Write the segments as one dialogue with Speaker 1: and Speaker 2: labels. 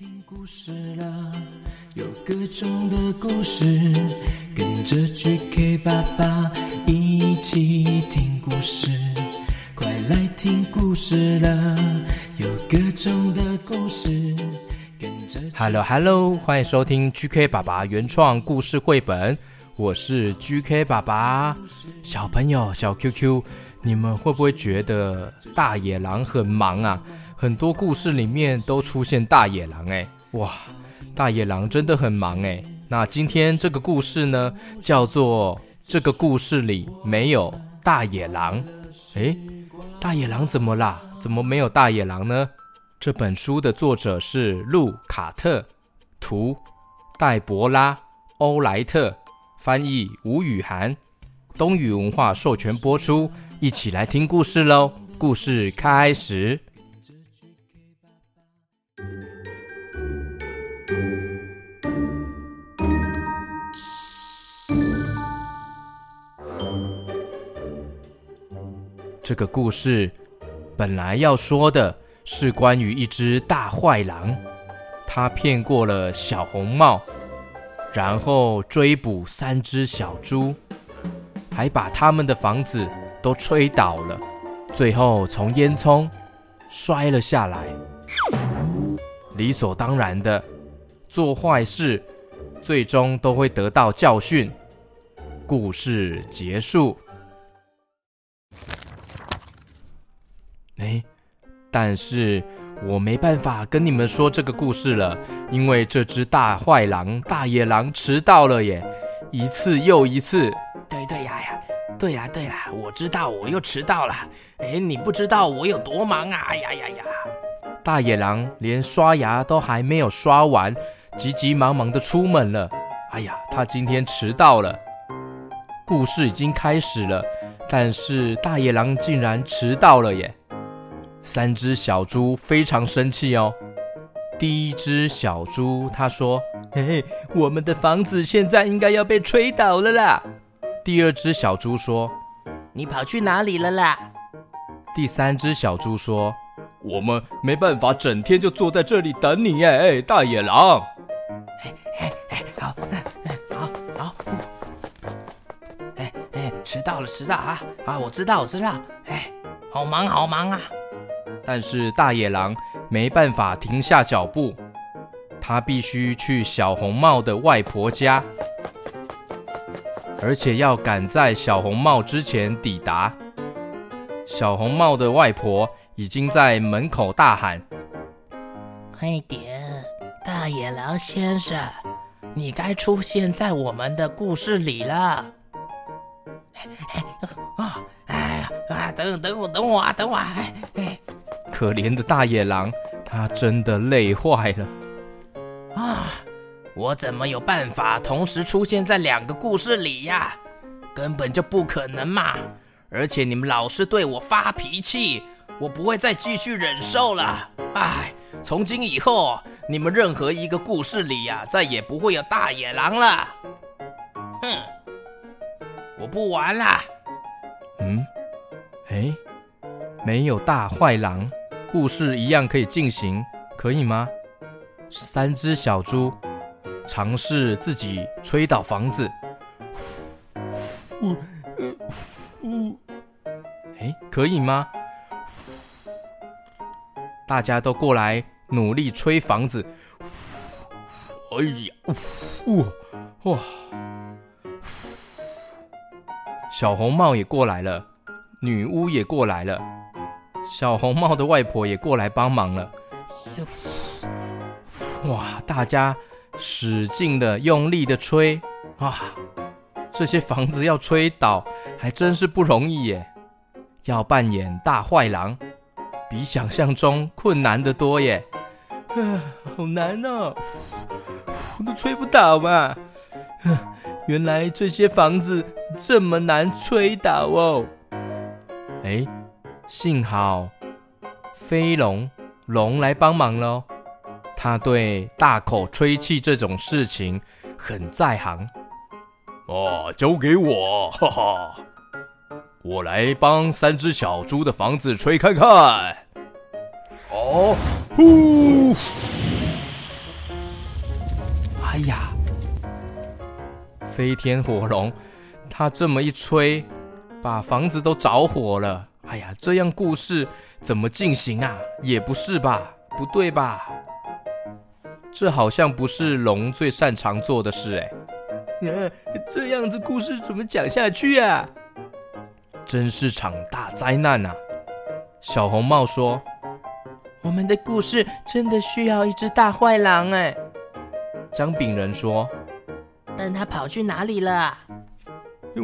Speaker 1: 聽故事了，有各種的故事，跟著 GK 爸爸一起聽故事，快來聽故事了，有各種的故事，跟著 GK 爸爸。Hello, Hello，歡迎收聽 GK 爸爸原創故事繪本，我是 GK 爸爸。小朋友，小 Q Q，你們會不會覺得大野狼很忙啊？很多故事裡面都出現大野狼，哎，哇，大野狼真的很忙，哎。那今天這個故事呢，叫做《這個故事裡沒有大野狼》，哎，大野狼怎麼啦？怎麼沒有大野狼呢？這本書的作者是露卡特·圖·黛柏拉·歐萊特，翻譯吳雨涵，東雨文化授權播出，一起來聽故事嘍！故事開始。這個故事本來要說的是關於一隻大壞狼，他騙過了小紅帽，然後追捕三隻小豬，還把他們的房子都吹倒了，最後從煙囪摔了下來。理所當然的，做壞事最終都會得到教訓。故事結束。哎，但是我沒辦法跟你們說這個故事了，因為這隻大壞狼，大野狼遲到了耶！一次又一次，
Speaker 2: 對對呀呀，對啦對啦，我知道我又遲到了。哎，你不知道我有多忙啊！哎呀呀呀，
Speaker 1: 大野狼連刷牙都還沒有刷完，急急忙忙的出門了。哎呀，他今天遲到了。故事已經開始了，但是大野狼竟然遲到了耶！三隻小豬非常生氣哦。第一隻小豬它說：“嘿，嘿，我們的房子現在應該要被吹倒了啦。”第二隻小豬說：“你跑去哪裡了啦？”第三隻小豬說：“我們沒辦法，整天就坐在這裡等你耶。”哎哎，大野狼，哎
Speaker 2: 哎哎，好，哎哎好，哎哎，遲到了，遲到啊啊！我知道，我知道，哎，好忙，好忙啊。
Speaker 1: 但是大野狼沒辦法停下腳步，他必須去小紅帽的外婆家，而且要趕在小紅帽之前抵達。小紅帽的外婆已經在門口大喊：“
Speaker 2: 快點，大野狼先生，你該出現在我們的故事裡了！”啊、哎！哎呀、哦哎、啊！等等我，等我，啊，等我，啊、哎。哎。
Speaker 1: 可憐的大野狼，他真的累壞了
Speaker 2: 啊！我怎麼有辦法同時出現在兩個故事裡呀？根本就不可能嘛！而且你們老是對我發脾氣，我不會再繼續忍受了。哎，從今以後，你們任何一個故事裡呀，再也不會有大野狼了。哼，我不玩了。
Speaker 1: 嗯，哎，沒有大壞狼。故事一樣可以進行，可以嗎？三只小豬嘗試自己吹倒房子，哎、呃呃呃呃欸，可以嗎？大家都過來努力吹房子。哎呀，哇哇！小紅帽也過來了，女巫也過來了。小紅帽的外婆也過來幫忙了。哇，大家使勁的、用力的吹啊！這些房子要吹倒還真是不容易耶。要扮演大壞狼，比想象中困難得多耶。啊，好難哦，都吹不倒嘛。原來這些房子這麼難吹倒哦。誒、欸幸好飛龍龍來幫忙嘍，他對大口吹氣這種事情很在行。哦，交給我，哈哈，我來幫三只小豬的房子吹看看。
Speaker 2: 哦，呼，哎呀，
Speaker 1: 飛天火龍，他這麼一吹，把房子都着火了。哎呀，這樣故事怎麼進行啊？也不是吧，不對吧？這好像不是龍最擅長做的事哎。嗯，這樣子故事怎麼講下去啊？真是場大災難啊！小紅帽說：“我們的故事
Speaker 2: 真的需要一只大壞狼哎。”
Speaker 1: 薑餅人說：“
Speaker 2: 但他跑去哪裡了？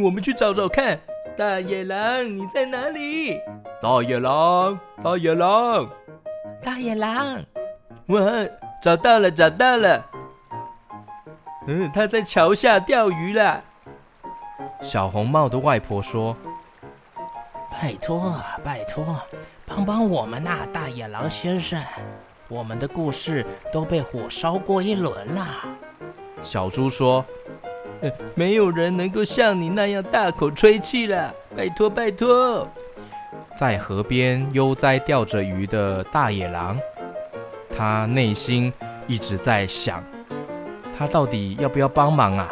Speaker 2: 我們去找找看。”大野狼，你在哪裡？
Speaker 1: 大野狼，大野狼，
Speaker 2: 大野狼，
Speaker 1: 哇！找到了，找到了！嗯，他在橋下釣魚了。小紅帽的外婆說：“
Speaker 2: 拜托啊，拜託，幫幫我們吶啊，大野狼先生，
Speaker 1: 我們的故事都被火燒過一輪了。”小豬說。沒有人能夠像你那樣大口吹氣了，拜託拜託！在河邊悠哉釣着魚的大野狼，他內心一直在想：他到底要不要幫忙啊？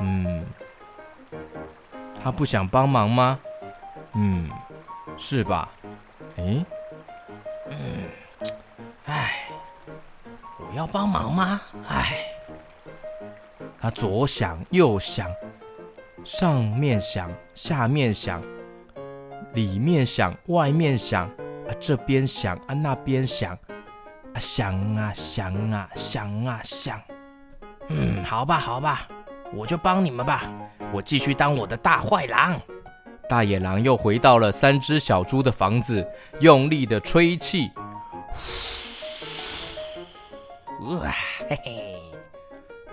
Speaker 1: 嗯，他不想幫忙嗎？嗯，是吧？誒，嗯，哎，我要幫忙嗎？哎。啊，左想右想，上面想，下面想，裡面想，外面想，啊這邊想啊那邊想，啊想啊，想啊想啊想啊想，
Speaker 2: 嗯，
Speaker 1: 好吧好吧，我就幫你們吧，我繼續當我的大壞狼。大野狼又回到了三隻小豬的房子，用力的吹氣，哇嘿嘿。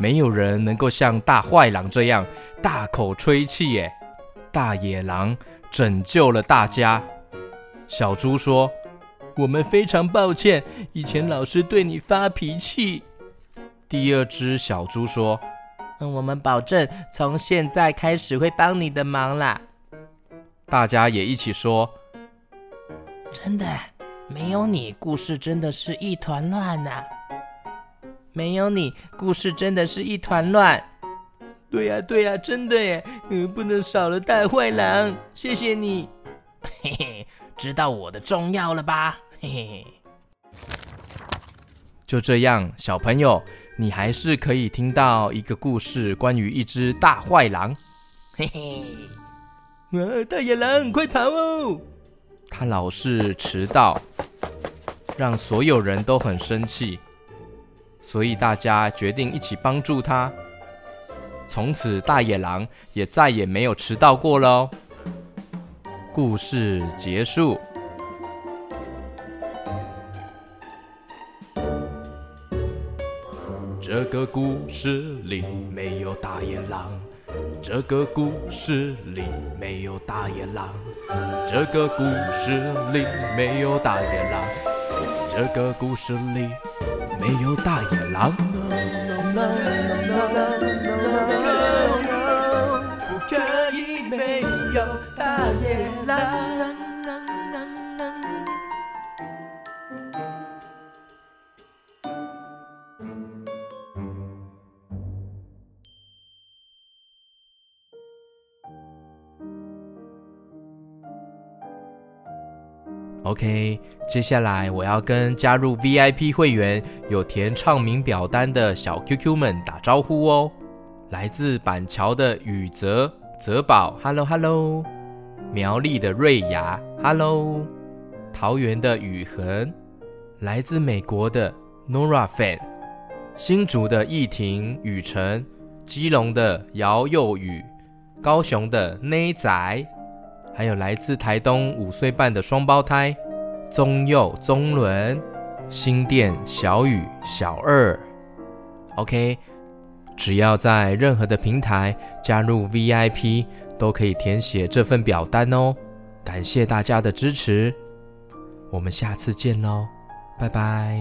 Speaker 1: 沒有人能夠像大壞狼這樣大口吹氣耶！大野狼拯救了大家。小豬說：“我們非常抱歉，以前老是對你發脾氣。呃”第二隻小豬說：“嗯，我們保
Speaker 2: 證，從現在開始會幫你的忙啦。”
Speaker 1: 大家也一起說：“
Speaker 2: 真的，沒有你，故事真的是一團亂吶、啊。”沒有你，故事真的是一團亂。對呀、啊，對呀、啊，真的耶，不能少了大壞狼。謝謝你，嘿嘿，知道我的重要了吧？嘿嘿。
Speaker 1: 就這樣，小朋友，你還是可以聽到一個故事，關於一隻大壞狼。嘿 嘿，大野狼，快跑哦！他老是遲到，讓所有人都很生氣。所以大家決定一起幫助他。從此，大野狼也再也沒有遲到過嘍。故事結束。這個故事裡沒有大野狼。這個故事裡沒有大野狼。這個故事裡沒有大野狼。這個故事裡。沒有大野狼。OK，接下來我要跟加入 VIP 會員、有填唱名表單的小 QQ 們打招呼哦。來自板橋的宇澤澤寶，Hello Hello；苗栗的瑞牙，Hello；桃園的宇恆；來自美國的 Nora Fan；新竹的逸婷、宇辰；基隆的姚佑宇；高雄的內宅。還有來自台東五歲半的雙胞胎宗佑、宗倫，新店小雨、小二。OK，只要在任何的平台加入 VIP，都可以填寫這份表單哦。感謝大家的支持，我們下次見嘍，拜拜。